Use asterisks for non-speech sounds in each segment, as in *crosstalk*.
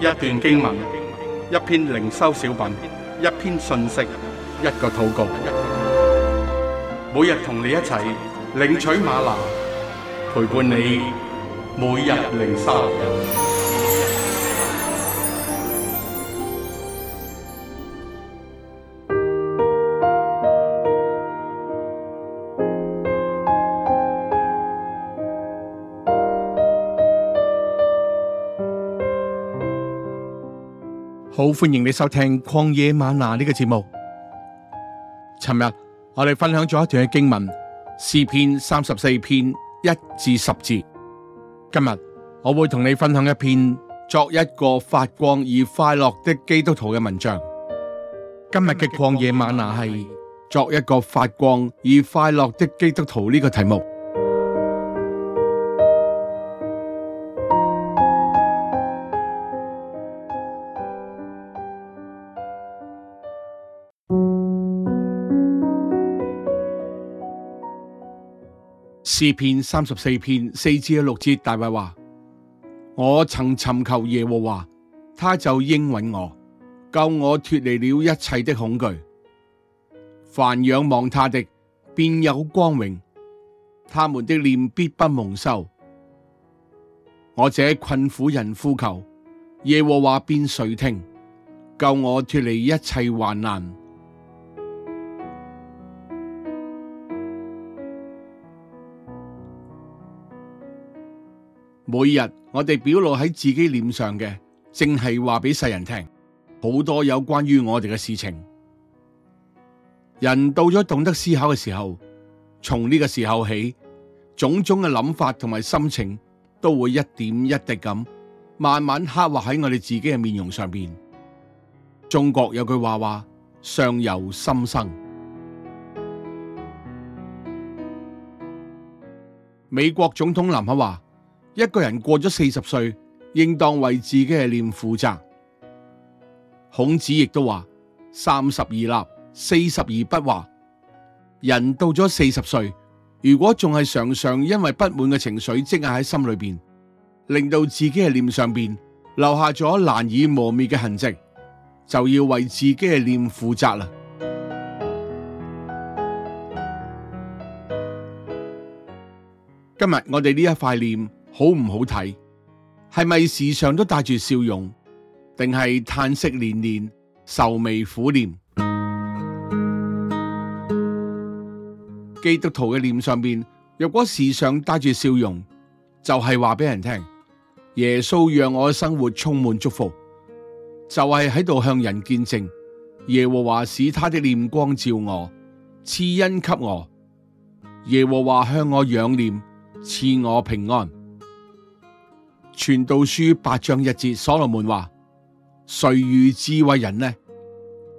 一段經文，一篇靈修小品，一篇信息，一個禱告。每日同你一齊領取嗎哪，陪伴你每日靈修。好歡迎你收聽曠野嗎哪呢個節目。尋日我哋分享咗一段嘅經文，詩篇三十四篇一至十節。今日我會同你分享一篇作一個發光而快樂的基督徒嘅文章。今日嘅曠野嗎哪係作一個發光而快樂的基督徒呢個題目。詩篇三十四篇四至六節，大衛話：我曾尋求耶和華，他就應允我，救我脫離了一切的恐懼。凡仰望他的，便有光榮；他們的臉必不蒙羞。我這困苦人呼求耶和華，便垂聽，救我脫離一切患難。每日我哋表露喺自己臉上嘅，正係話俾世人聽，好多有關於我哋嘅事情。人到咗懂得思考嘅時候，從呢個時候起，種種嘅諗法同埋心情，都會一點一滴咁，慢慢刻畫喺我哋自己嘅面容上面。中國有句話話：相由心生。美國總統林肯話。一個人過咗四十歲，應當為自己嘅臉負責。孔子亦都話：三十而立，四十而不惑。人到咗四十歲，如果仲係常常因為不滿嘅情緒積壓喺心裏邊，令到自己嘅臉上邊留下咗難以磨滅嘅痕迹，就要為自己嘅臉負責啦。今日我哋呢一塊臉。好唔好睇？係咪時常都帶住笑容，定係嘆息連連、愁眉苦臉？基督徒嘅臉上面，若果時常帶住笑容，就係話俾人聽，耶穌讓我嘅生活充滿祝福，就係喺度向人見證，耶和華使他的臉光照我，賜恩給我，耶和華向我仰臉，賜我平安。傳道書八章一節，所羅門話：誰遇智慧人呢？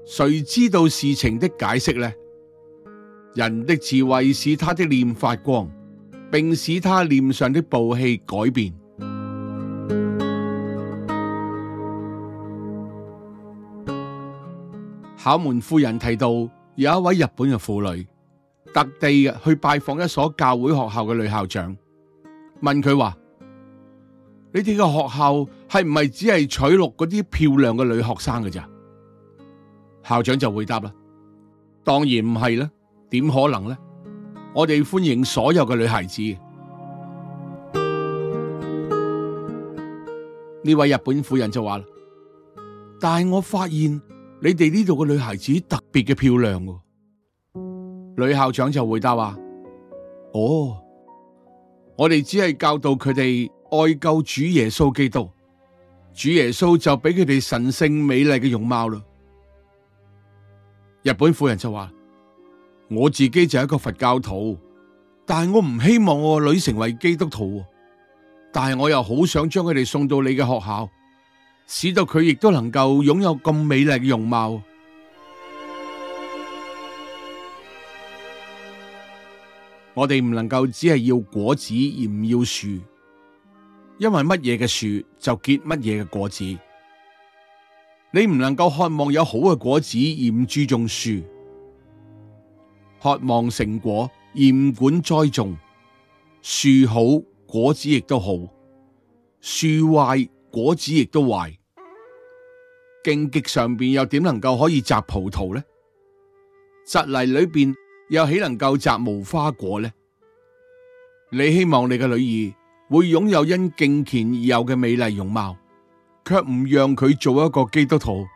誰知道事情的解釋呢？人的智慧使他的臉發光，並使他臉上的暴氣改變。考門夫人提到有一位日本嘅婦女，特地去拜訪一所教會學校嘅女校長，問佢話。你哋嘅學校係唔係只係取錄嗰啲漂亮嘅女學生嘅咋？校長就回答啦，當然唔係啦，點可能咧？我哋歡迎所有嘅女孩子。呢位日本婦人就話啦，但係我發現你哋呢度嘅女孩子特別嘅漂亮。女校長就回答話：哦，我哋只係教導佢哋愛救主耶穌基督，主耶穌就俾佢哋神聖美麗嘅容貌咯。日本婦人就話：我自己就係一個佛教徒，但係我唔希望我女成為基督徒，但係我又好想將佢哋送到你嘅學校，使到佢亦都能夠擁有咁美麗嘅容貌。我哋唔能夠只係要果子而唔要樹。因為乜嘢嘅樹就結乜嘢嘅果子，你唔能夠渴望有好嘅果子而唔注重樹，渴望成果而唔管栽種，樹好果子亦都好，樹壞果子亦都壞。荊棘上邊又點能夠可以摘葡萄呢？蒺藜裏邊又豈能夠摘無花果呢？你希望你嘅女兒，會擁有因敬虔而有嘅美麗容貌，卻唔讓佢做一個基督徒，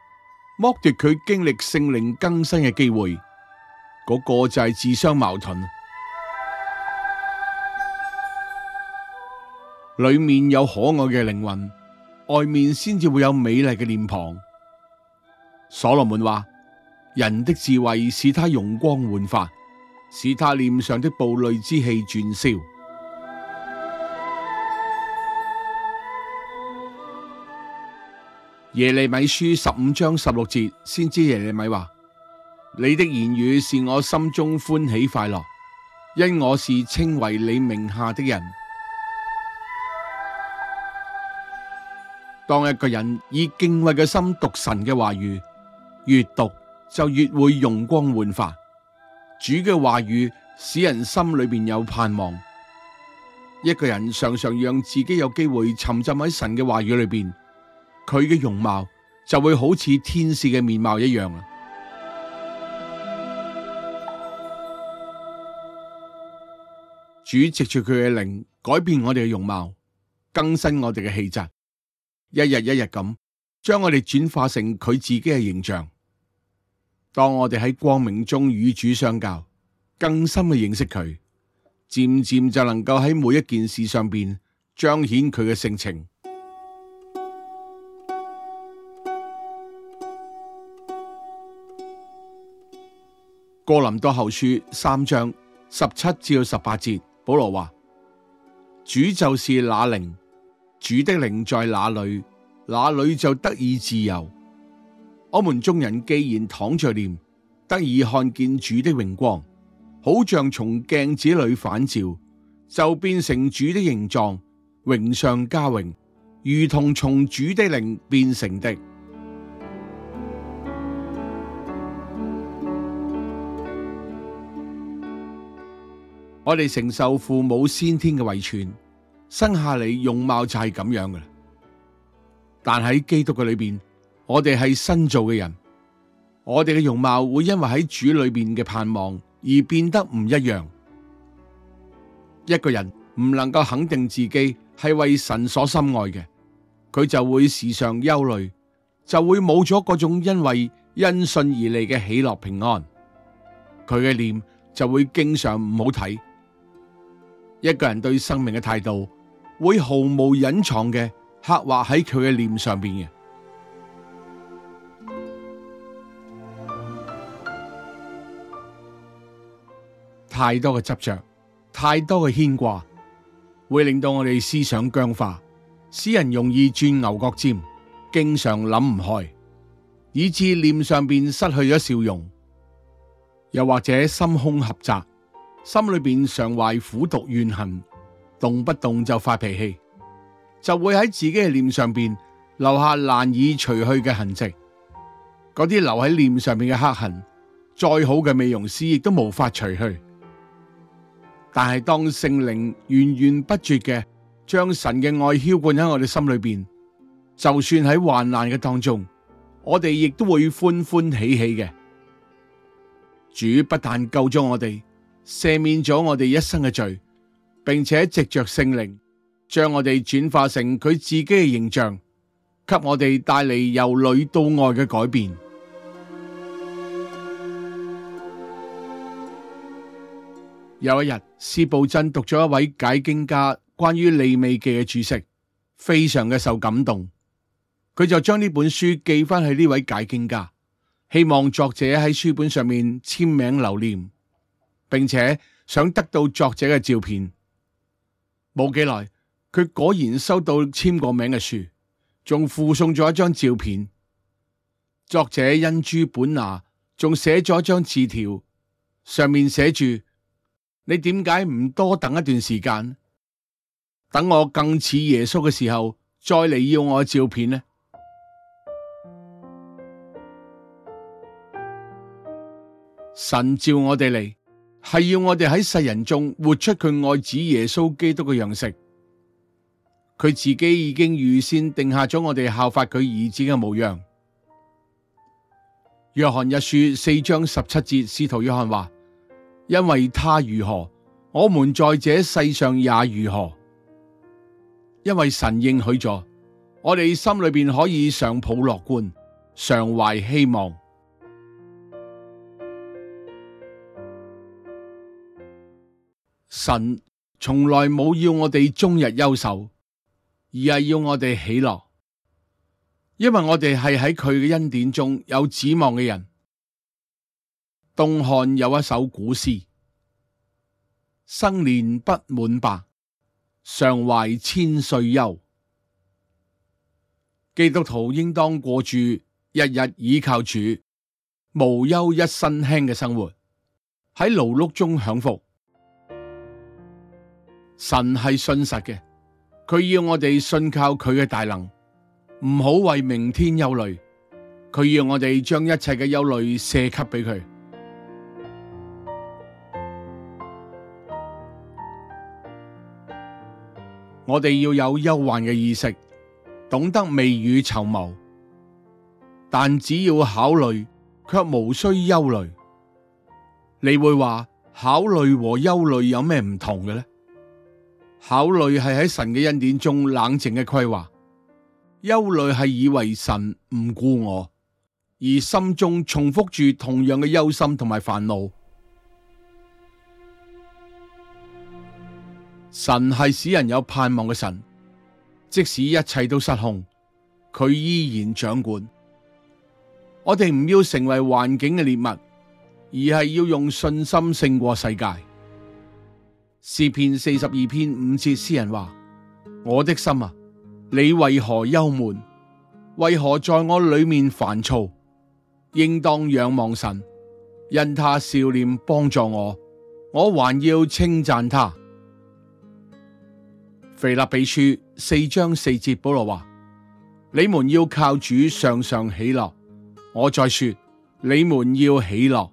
剝奪佢經歷聖靈更新嘅機會，嗰、那個就係自相矛盾。裏面有可愛嘅靈魂，外面先至會有美麗嘅臉龐。所羅門話：人的智慧使他容光煥發，使他臉上的暴戾之氣轉消。耶利米書十五章十六節，先知耶利米話：你的言語是我心中歡喜快樂，因我是稱為你名下的人。當一個人以敬畏嘅心讀神嘅話語，越讀就越會容光煥發。主嘅話語使人心裏邊有盼望。一個人常常讓自己有機會沉浸喺神嘅話語裏邊。佢嘅容貌就會好似天使嘅面貌一樣啦。主藉住佢嘅靈，改變我哋嘅容貌，更新我哋嘅氣質，一日一日咁，將我哋轉化成佢自己嘅形象。當我哋喺光明中與主相交，更深嘅認識佢，漸漸就能夠喺每一件事上邊彰顯佢嘅性情。哥林多後書三章十七至十八節，保羅話：主就是那靈，主的靈在哪裏，哪裏就得以自由。我們眾人既然躺着念，得以看見主的榮光，好像從鏡子裏反照，就變成主的形狀，榮上加榮，如同從主的靈變成的。我哋承受父母先天嘅遺傳，生下嚟容貌就係咁樣嘅。但喺基督嘅裏面，我哋係新造嘅人，我哋嘅容貌會因為喺主裏面嘅盼望而變得唔一樣。一個人唔能夠肯定自己係為神所深愛嘅，佢就會時常憂慮，就會冇咗嗰種因為因信而嚟嘅喜樂平安。佢嘅臉就會經常唔好睇。一個人對生命嘅態度，會毫無隱藏嘅刻畫喺佢嘅臉上面。太多嘅執着，太多嘅牽掛，會令到我哋思想僵化，使人容易鑽牛角尖，經常諗唔開，以致臉上面失去咗笑容，又或者心胸狹窄。心裏邊常懷苦毒怨恨，動不動就發脾氣，就會喺自己嘅臉上邊留下難以除去嘅痕跡。嗰啲留喺臉上邊嘅黑痕，再好嘅美容師亦都無法除去。但係當聖靈源源不絕嘅將神嘅愛澆灌喺我哋心裏邊，就算喺患難嘅當中，我哋亦都會歡歡喜喜嘅。主不但救咗我哋。赦免咗我哋一生嘅罪，並且藉着聖靈將我哋轉化成佢自己嘅形象，給我哋帶嚟由內到外嘅改變。 *music* 有一日，施布真讀咗一位解經家關於《利未記》嘅注釋，非常嘅受感動，佢就將呢本書寄翻去呢位解經家，希望作者喺書本上面簽名留念。並且想得到作者嘅照片，冇幾耐，佢果然收到簽過名嘅書，仲附送咗一張照片。作者因珠本拿仲寫咗張字條，上面寫住：你點解唔多等一段時間，等我更似耶穌嘅時候再嚟要我嘅照片呢？神召我哋嚟。是要我哋喺世人中活出佢愛子耶穌基督嘅樣式，佢自己已經預先定下咗我哋效法佢兒子嘅模樣。約翰一書四章十七節，使徒約翰話：因為他如何，我們在這世上也如何。因為神應許咗，我哋心裏邊可以常抱樂觀，常懷希望。神從來冇要我哋終日憂愁，而係要我哋喜樂，因為我哋係喺佢嘅恩典中有指望嘅人。東漢有一首古詩：生年不滿百，常懷千歲憂。基督徒應當過住日日倚靠主、無憂一身輕嘅生活，喺勞碌中享福。神係信實嘅，佢要我哋信靠佢嘅大能，唔好為明天憂慮。佢要我哋將一切嘅憂慮卸給俾佢。 *music* 我哋要有憂患嘅意識，懂得未雨綢繆，但只要考慮，卻無需憂慮。你會話考慮和憂慮有咩唔同嘅呢？考慮係喺神嘅恩典中冷靜嘅規劃，憂慮係以為神唔顧我，而心中重複住同樣嘅憂心同埋煩惱。神係使人有盼望嘅神，即使一切都失控，佢依然掌管。我哋唔要成為環境嘅獵物，而係要用信心勝過世界。詩篇四十二篇五節詩人話：我的心啊，你為何憂悶？為何在我裏面煩躁？應當仰望神，因他笑臉幫助我。我還要稱讚他。腓立比書四章四節保羅話：你們要靠主常常喜樂。我再說，你們要喜樂。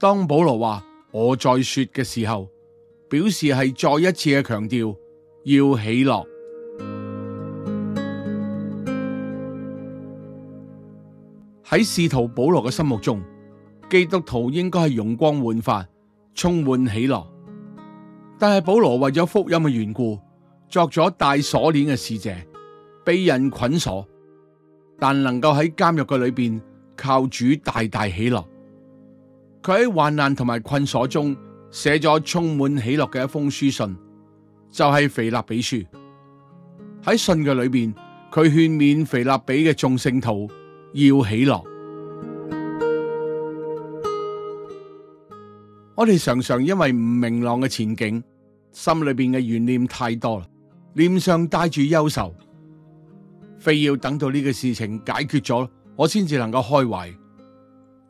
當保羅話：我再說嘅時候。表示係再一次嘅強調，要喜樂。喺使徒保羅嘅心目中，基督徒應該係容光煥發、充滿喜樂。但係保羅為咗福音嘅緣故，作咗帶鎖鏈嘅使者，被人捆鎖，但能夠喺監獄嘅裏邊靠主大大喜樂。佢喺患難同埋困鎖中。寫咗充滿喜樂嘅一封書信，就係腓立比書。喺信嘅裏邊，佢勸勉腓立比嘅眾聖徒要喜樂。我哋常常因為唔明朗嘅前景，心裏邊嘅怨念太多啦，面上帶住憂愁，非要等到呢個事情解決咗，我先至能夠開懷，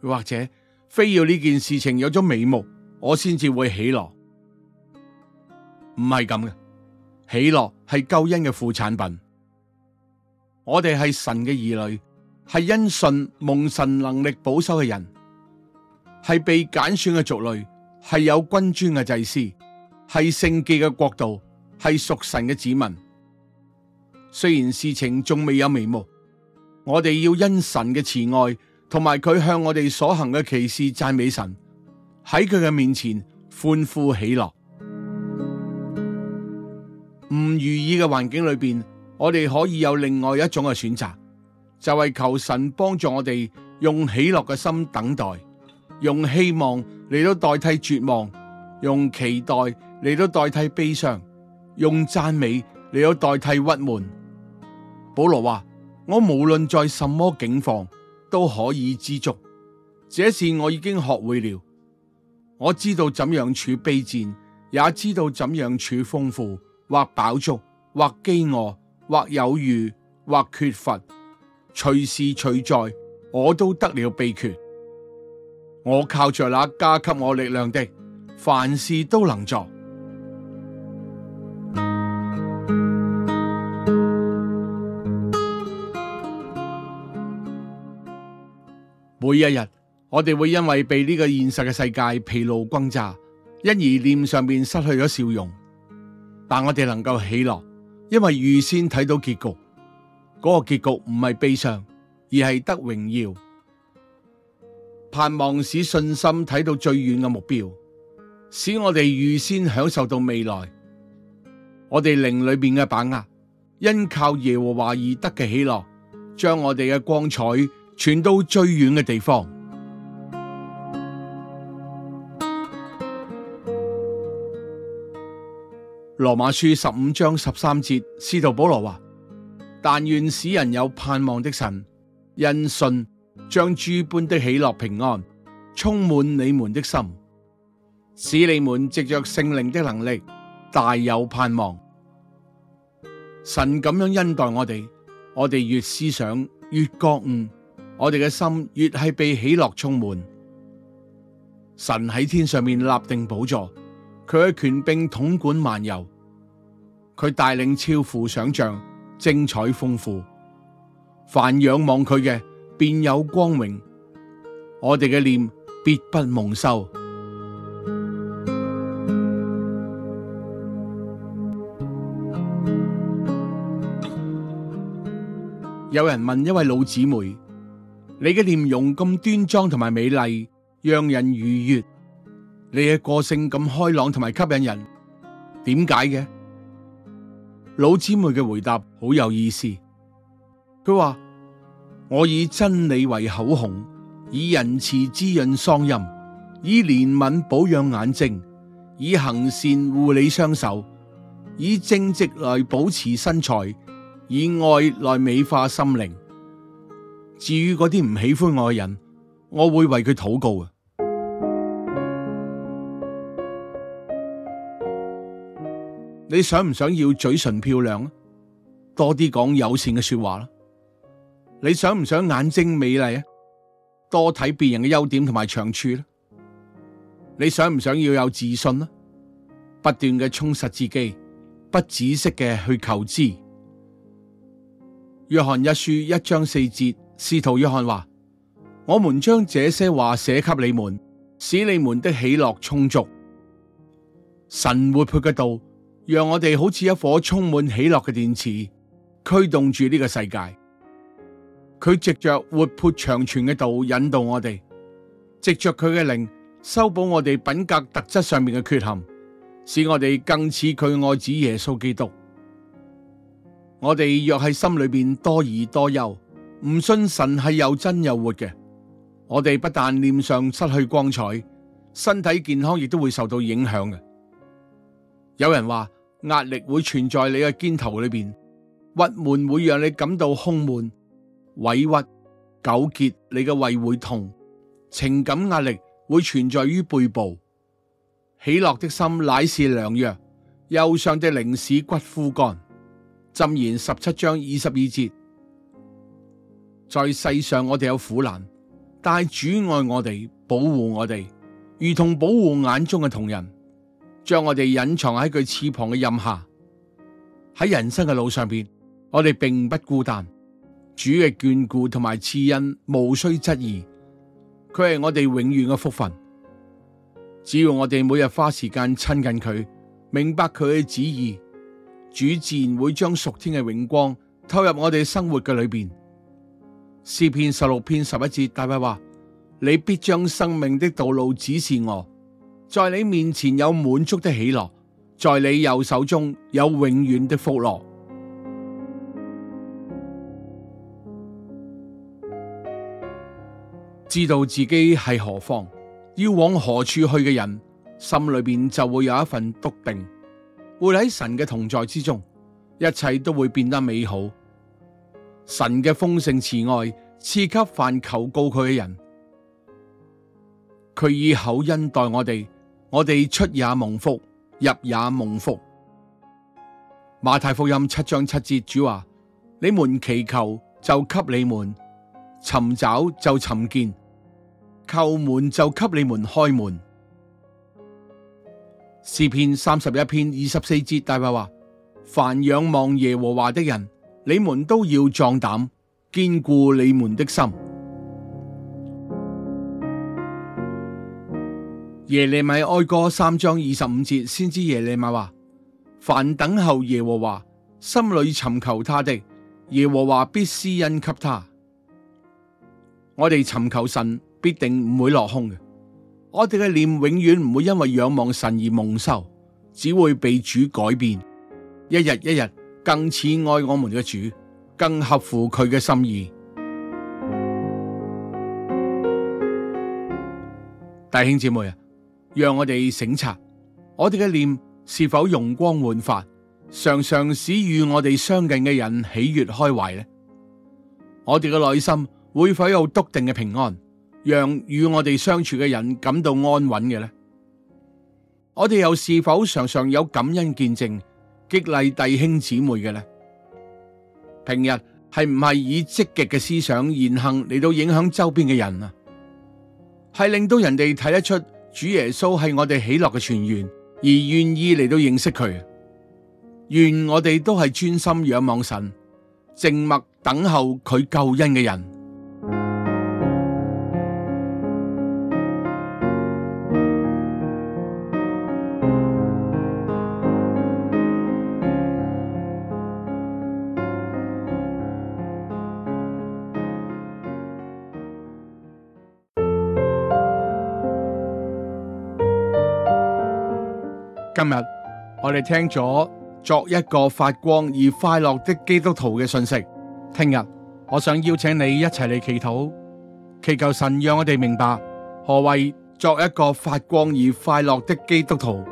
或者非要呢件事情有咗眉目，我先至會喜樂，唔係咁嘅。喜樂係救恩嘅副產品。我哋係神嘅兒女，係因信蒙神能力保守嘅人，係被揀選嘅族類，係有君尊嘅祭司，係聖潔嘅國度，係屬神嘅子民。雖然事情仲未有眉目，我哋要因神嘅慈愛同埋佢向我哋所行嘅奇事讚美神。喺佢嘅面前歡呼喜樂，唔如意嘅環境裏邊，我哋可以有另外一種嘅選擇，就係求神幫助我哋用喜樂嘅心等待，用希望嚟到代替絕望，用期待嚟到代替悲傷，用讚美嚟到代替鬱悶。保羅話：我無論在什麼境況都可以知足，這事我已經學會了。我知道怎樣處卑賤，也知道怎樣處豐富；或飽足，或飢餓，或有餘，或缺乏，隨時隨在，我都得了秘訣。我靠着那加給我力量的，凡事都能做。每一日。我哋會因為被呢個現實嘅世界疲勞轟炸，因而臉上面失去咗笑容。但我哋能夠喜樂，因為預先睇到結局，嗰個結局唔係悲傷，而係得榮耀。盼望使信心睇到最遠嘅目標，使我哋預先享受到未來。我哋靈裏面嘅把握，因靠耶和華而得嘅喜樂，將我哋嘅光彩傳到最遠嘅地方。羅馬書十五章十三節，司徒保羅話：但願使人有盼望的神，因信將諸般的喜樂平安充滿你們的心，使你們藉着聖靈的能力大有盼望。神咁樣恩待我哋，我哋越思想越覺悟，我哋嘅心越係被喜樂充滿。神喺天上面立定寶座，佢嘅權柄統管萬有。佢帶領超乎想象，精彩豐富。凡仰望佢嘅，便有光榮；我哋嘅念，必不蒙羞。 *noise* 有人問一位老姊妹：你嘅面容咁端莊同埋美麗，讓人愉悅；你嘅個性咁開朗同埋吸引人，點解嘅？老姊妹嘅回答好有意思，佢話：我以真理為口紅，以仁慈滋潤嗓音，以憐憫保養眼睛，以行善護理雙手，以正直來保持身材，以愛來美化心靈。至於嗰啲唔喜歡我嘅人，我會為佢禱告啊！你想唔想要嘴唇漂亮啊？多啲講友善嘅說話啦。你想唔想眼睛美麗啊？多睇別人嘅優點同埋長處。你想唔想要有自信呢？不斷嘅充實自己，不止識嘅去求知。約翰一書一章四節，試徒約翰話，我們將這些話寫給你們，使你們的喜樂充足。神活潑嘅道。讓我哋好似一顆充滿喜樂嘅電池，驅動住呢個世界。佢藉着活潑長存嘅道引導我哋，藉着佢嘅靈修補我哋品格特質上面嘅缺陷，使我哋更似佢愛子耶穌基督。我哋若係心裏面多疑多憂，唔信神係又真又活嘅，我哋不但面上失去光彩，身體健康亦都會受到影響嘅。有人話壓力會存在你嘅肩頭裏邊，鬱悶會讓你感到胸悶、委屈、糾結，你嘅胃會痛，情感壓力會存在於背部。喜樂的心乃是良藥，憂傷的靈使骨枯乾。箴言十七章二十二節，在世上我哋有苦難，但係主愛我哋，保護我哋，如同保護眼中嘅瞳人。將我哋隱藏喺佢翅膀嘅蔭下，喺人生嘅路上邊，我哋並不孤單。主嘅眷顧同埋賜恩，無需質疑，佢係我哋永遠嘅福分。只要我哋每日花時間親近佢，明白佢嘅旨意，主自然會將屬天嘅榮光透入我哋生活嘅裏邊。詩篇十六篇十一節，大衛話：你必將生命的道路指示我。在你面前有滿足的喜樂，在你右手中有永遠的福樂。知道自己係何方，要往何處去嘅人，心裏邊就會有一份篤定，會喺神嘅同在之中，一切都會變得美好。神嘅豐盛慈愛賜給凡求告佢嘅人，佢以口恩待我哋。我哋出也蒙福，入也蒙福。馬太福音七章七節，主話：你們祈求就給你們，尋找就尋見，叩門就給你們開門。詩篇三十一篇二十四節，大衛話：凡仰望耶和華的人，你們都要壯膽，堅固你們的心。耶利米哀歌三章二十五節，先知耶利米話：凡等候耶和華，心裏尋求他的，耶和華必施恩給他。我哋尋求神，必定唔會落空嘅。我哋嘅念永遠唔會因為仰望神而蒙羞，只會被主改變，一日一日更似愛我們嘅主，更合乎佢嘅心意。弟兄姐妹啊！讓我哋省察，我哋嘅念是否容光煥發，常常使與我哋相近嘅人喜悦開懷咧？我哋嘅內心會否有篤定嘅平安，讓與我哋相處嘅人感到安穩嘅咧？我哋又是否常常有感恩見證，激勵弟兄姊妹嘅咧？平日係唔係以積極嘅思想言行嚟到影響周邊嘅人啊？係令到人哋睇得出。主耶穌係我哋喜樂嘅泉源，而願意嚟到認識佢。願我哋都係專心仰望神、靜默等候佢救恩嘅人。今日我哋聽咗作一個發光而快樂的基督徒嘅信息，聽日我想邀請你一齊嚟祈禱，祈求神讓我哋明白何謂作一個發光而快樂的基督徒。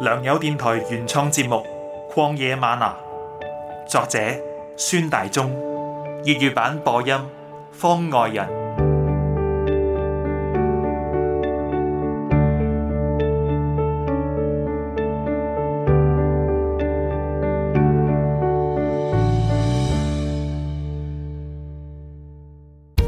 良友電台原創節目《曠野嗎哪》，作者孫大中，粵語版播音方外人。